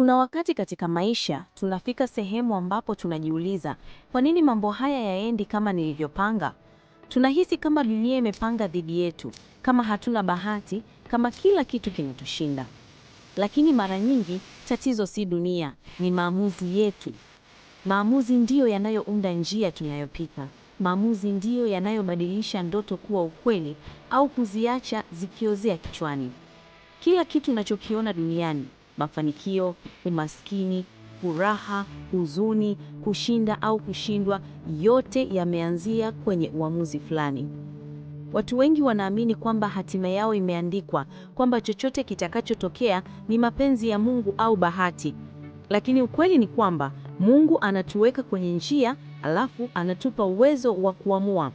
Kuna wakati katika maisha tunafika sehemu ambapo tunajiuliza, kwa nini mambo haya yaendi kama nilivyopanga? Tunahisi kama dunia imepanga dhidi yetu, kama hatuna bahati, kama kila kitu kinatushinda. Lakini mara nyingi tatizo si dunia, ni maamuzi yetu. Maamuzi ndiyo yanayounda njia tunayopita. Maamuzi ndiyo yanayobadilisha ndoto kuwa ukweli au kuziacha zikiozea kichwani. Kila kitu unachokiona duniani mafanikio, umaskini, furaha, huzuni, kushinda au kushindwa, yote yameanzia kwenye uamuzi fulani. Watu wengi wanaamini kwamba hatima yao imeandikwa, kwamba chochote kitakachotokea ni mapenzi ya Mungu au bahati. Lakini ukweli ni kwamba Mungu anatuweka kwenye njia, alafu anatupa uwezo wa kuamua.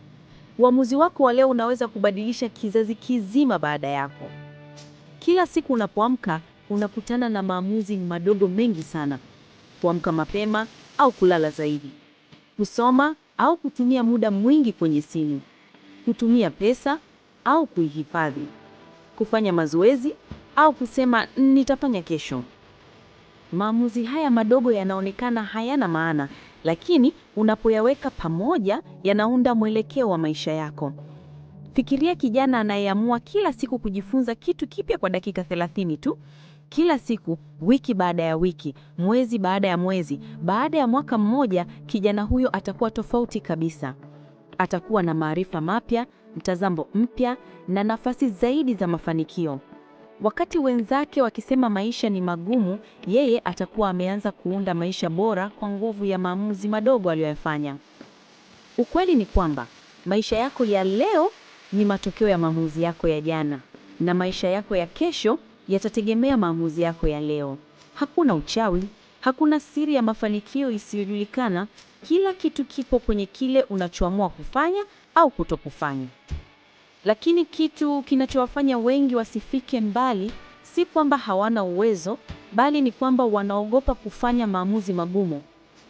Uamuzi wako wa leo unaweza kubadilisha kizazi kizima baada yako. Kila siku unapoamka, unakutana na maamuzi madogo mengi sana: kuamka mapema au kulala zaidi, kusoma au kutumia muda mwingi kwenye simu, kutumia pesa au kuihifadhi, kufanya mazoezi au kusema nitafanya kesho. Maamuzi haya madogo yanaonekana hayana maana, lakini unapoyaweka pamoja yanaunda mwelekeo wa maisha yako. Fikiria kijana anayeamua kila siku kujifunza kitu kipya kwa dakika 30 tu. Kila siku, wiki baada ya wiki, mwezi baada ya mwezi, baada ya mwaka mmoja, kijana huyo atakuwa tofauti kabisa. Atakuwa na maarifa mapya, mtazamo mpya na nafasi zaidi za mafanikio. Wakati wenzake wakisema maisha ni magumu, yeye atakuwa ameanza kuunda maisha bora kwa nguvu ya maamuzi madogo aliyoyafanya. Ukweli ni kwamba maisha yako ya leo ni matokeo ya maamuzi yako ya jana, na maisha yako ya kesho yatategemea maamuzi yako ya leo. Hakuna uchawi, hakuna siri ya mafanikio isiyojulikana. Kila kitu kipo kwenye kile unachoamua kufanya au kutokufanya. Lakini kitu kinachowafanya wengi wasifike mbali si kwamba hawana uwezo, bali ni kwamba wanaogopa kufanya maamuzi magumu.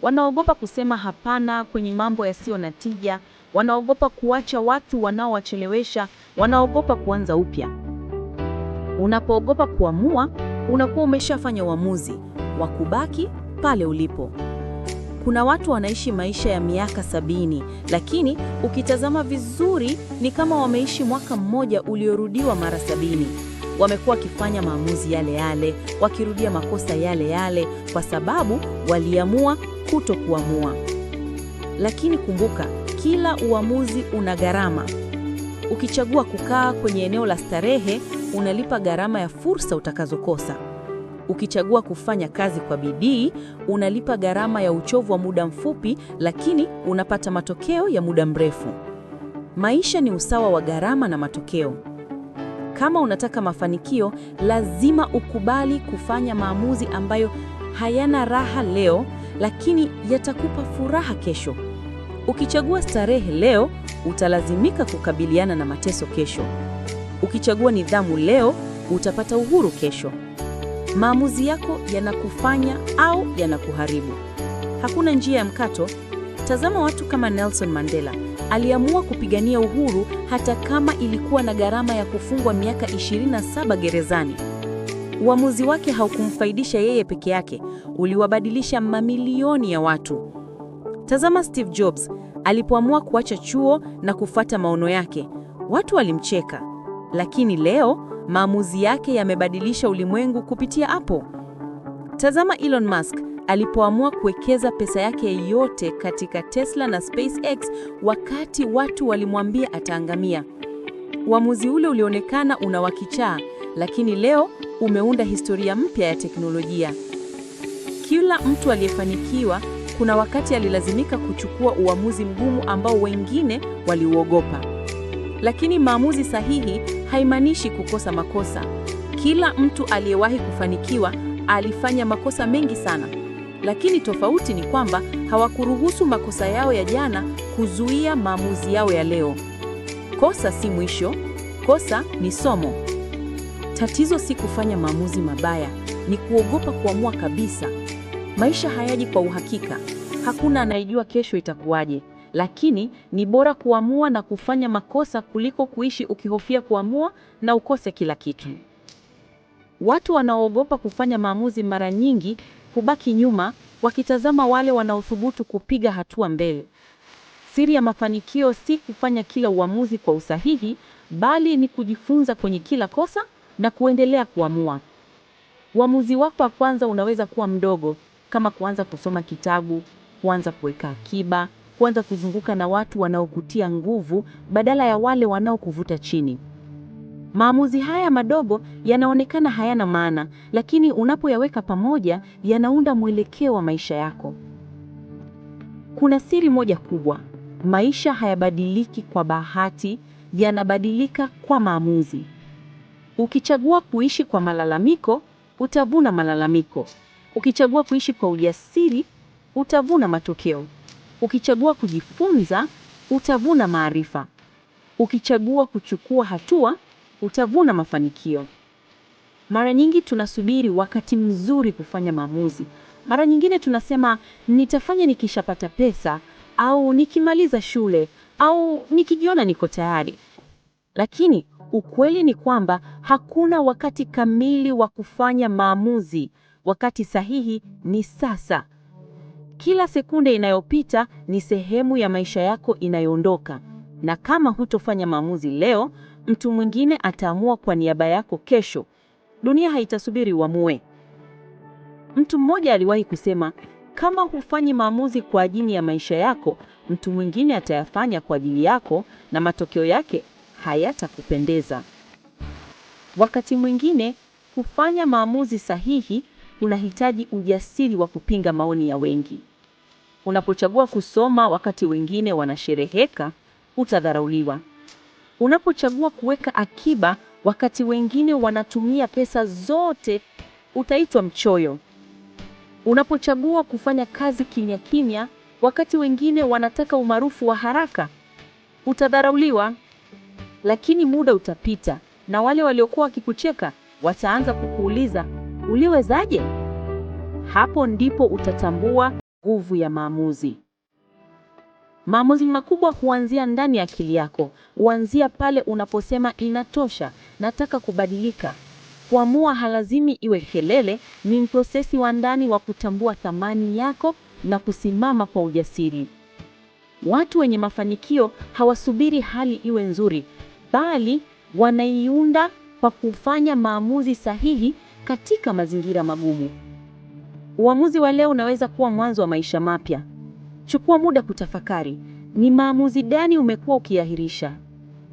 Wanaogopa kusema hapana kwenye mambo yasiyo na tija, wanaogopa kuacha watu wanaowachelewesha, wanaogopa kuanza upya. Unapoogopa kuamua, unakuwa umeshafanya uamuzi wa kubaki pale ulipo. Kuna watu wanaishi maisha ya miaka sabini, lakini ukitazama vizuri ni kama wameishi mwaka mmoja uliorudiwa mara sabini. Wamekuwa wakifanya maamuzi yale yale, wakirudia makosa yale yale, kwa sababu waliamua kuto kuamua. Lakini kumbuka, kila uamuzi una gharama. Ukichagua kukaa kwenye eneo la starehe unalipa gharama ya fursa utakazokosa. Ukichagua kufanya kazi kwa bidii, unalipa gharama ya uchovu wa muda mfupi, lakini unapata matokeo ya muda mrefu. Maisha ni usawa wa gharama na matokeo. Kama unataka mafanikio, lazima ukubali kufanya maamuzi ambayo hayana raha leo, lakini yatakupa furaha kesho. Ukichagua starehe leo, utalazimika kukabiliana na mateso kesho. Ukichagua nidhamu leo, utapata uhuru kesho. Maamuzi yako yanakufanya au yanakuharibu. Hakuna njia ya mkato. Tazama watu kama Nelson Mandela, aliamua kupigania uhuru hata kama ilikuwa na gharama ya kufungwa miaka 27 gerezani. Uamuzi wake haukumfaidisha yeye peke yake, uliwabadilisha mamilioni ya watu. Tazama Steve Jobs alipoamua kuacha chuo na kufuata maono yake, watu walimcheka lakini leo maamuzi yake yamebadilisha ulimwengu kupitia Apple. Tazama Elon Musk alipoamua kuwekeza pesa yake yote katika Tesla na SpaceX wakati watu walimwambia ataangamia. Uamuzi ule ulionekana una wakichaa, lakini leo umeunda historia mpya ya teknolojia. Kila mtu aliyefanikiwa kuna wakati alilazimika kuchukua uamuzi mgumu ambao wengine waliuogopa, lakini maamuzi sahihi haimaanishi kukosa makosa. Kila mtu aliyewahi kufanikiwa alifanya makosa mengi sana, lakini tofauti ni kwamba hawakuruhusu makosa yao ya jana kuzuia maamuzi yao ya leo. Kosa si mwisho, kosa ni somo. Tatizo si kufanya maamuzi mabaya, ni kuogopa kuamua kabisa. Maisha hayaji kwa uhakika, hakuna anayejua kesho itakuwaje lakini ni bora kuamua na kufanya makosa kuliko kuishi ukihofia kuamua na ukose kila kitu. Watu wanaoogopa kufanya maamuzi mara nyingi hubaki nyuma wakitazama wale wanaothubutu kupiga hatua mbele. Siri ya mafanikio si kufanya kila uamuzi kwa usahihi, bali ni kujifunza kwenye kila kosa na kuendelea kuamua. Uamuzi wako wa kwanza unaweza kuwa mdogo, kama kuanza kusoma kitabu, kuanza kuweka akiba kuanza kuzunguka na watu wanaokutia nguvu badala ya wale wanaokuvuta chini. Maamuzi haya madogo yanaonekana hayana maana, lakini unapoyaweka pamoja yanaunda mwelekeo wa maisha yako. Kuna siri moja kubwa. Maisha hayabadiliki kwa bahati, yanabadilika kwa maamuzi. Ukichagua kuishi kwa malalamiko, utavuna malalamiko. Ukichagua kuishi kwa ujasiri, utavuna matokeo. Ukichagua kujifunza, utavuna maarifa. Ukichagua kuchukua hatua, utavuna mafanikio. Mara nyingi tunasubiri wakati mzuri kufanya maamuzi. Mara nyingine tunasema nitafanya nikishapata pesa au nikimaliza shule au nikijiona niko tayari. Lakini ukweli ni kwamba hakuna wakati kamili wa kufanya maamuzi. Wakati sahihi ni sasa. Kila sekunde inayopita ni sehemu ya maisha yako inayoondoka, na kama hutofanya maamuzi leo, mtu mwingine ataamua kwa niaba yako kesho. Dunia haitasubiri uamue. Mtu mmoja aliwahi kusema, kama hufanyi maamuzi kwa ajili ya maisha yako, mtu mwingine atayafanya kwa ajili yako, na matokeo yake hayatakupendeza. Wakati mwingine kufanya maamuzi sahihi unahitaji ujasiri wa kupinga maoni ya wengi. Unapochagua kusoma wakati wengine wanashereheka, utadharauliwa. Unapochagua kuweka akiba wakati wengine wanatumia pesa zote, utaitwa mchoyo. Unapochagua kufanya kazi kimya kimya wakati wengine wanataka umaarufu wa haraka, utadharauliwa. Lakini muda utapita na wale waliokuwa wakikucheka wataanza kukuuliza uliwezaje? Hapo ndipo utatambua Nguvu ya maamuzi. Maamuzi makubwa huanzia ndani ya akili yako, huanzia pale unaposema inatosha, nataka kubadilika. Kuamua halazimi iwe kelele, ni mprosesi wa ndani wa kutambua thamani yako na kusimama kwa ujasiri. Watu wenye mafanikio hawasubiri hali iwe nzuri, bali wanaiunda kwa kufanya maamuzi sahihi katika mazingira magumu. Uamuzi wa leo unaweza kuwa mwanzo wa maisha mapya. Chukua muda kutafakari, ni maamuzi gani umekuwa ukiahirisha?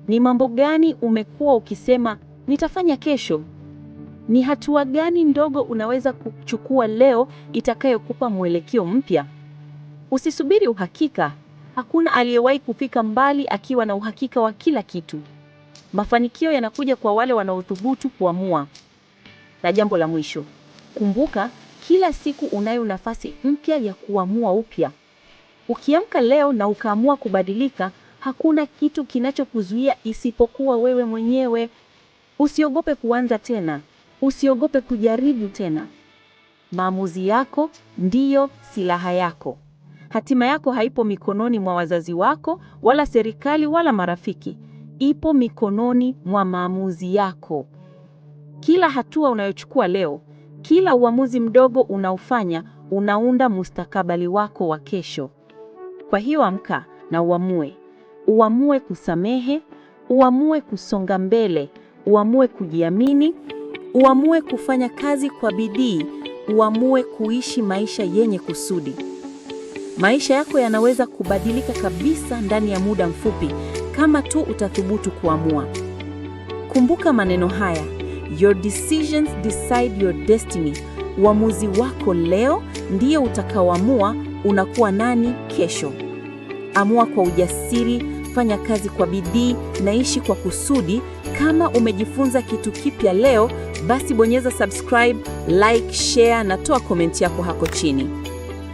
Ni mambo gani umekuwa ukisema nitafanya kesho? Ni hatua gani ndogo unaweza kuchukua leo itakayokupa mwelekeo mpya? Usisubiri uhakika. Hakuna aliyewahi kufika mbali akiwa na uhakika wa kila kitu. Mafanikio yanakuja kwa wale wanaothubutu kuamua. Na jambo la mwisho, kumbuka kila siku unayo nafasi mpya ya kuamua upya. Ukiamka leo na ukaamua kubadilika, hakuna kitu kinachokuzuia isipokuwa wewe mwenyewe. Usiogope kuanza tena, usiogope kujaribu tena. Maamuzi yako ndiyo silaha yako. Hatima yako haipo mikononi mwa wazazi wako wala serikali wala marafiki, ipo mikononi mwa maamuzi yako. Kila hatua unayochukua leo kila uamuzi mdogo unaofanya unaunda mustakabali wako wa kesho. Kwa hiyo amka na uamue. Uamue kusamehe, uamue kusonga mbele, uamue kujiamini, uamue kufanya kazi kwa bidii, uamue kuishi maisha yenye kusudi. Maisha yako yanaweza kubadilika kabisa ndani ya muda mfupi kama tu utathubutu kuamua. Kumbuka maneno haya. Your decisions decide your destiny. Uamuzi wako leo ndiyo utakaoamua unakuwa nani kesho. Amua kwa ujasiri, fanya kazi kwa bidii, naishi kwa kusudi. Kama umejifunza kitu kipya leo, basi bonyeza subscribe, like, share na toa komenti yako hako chini.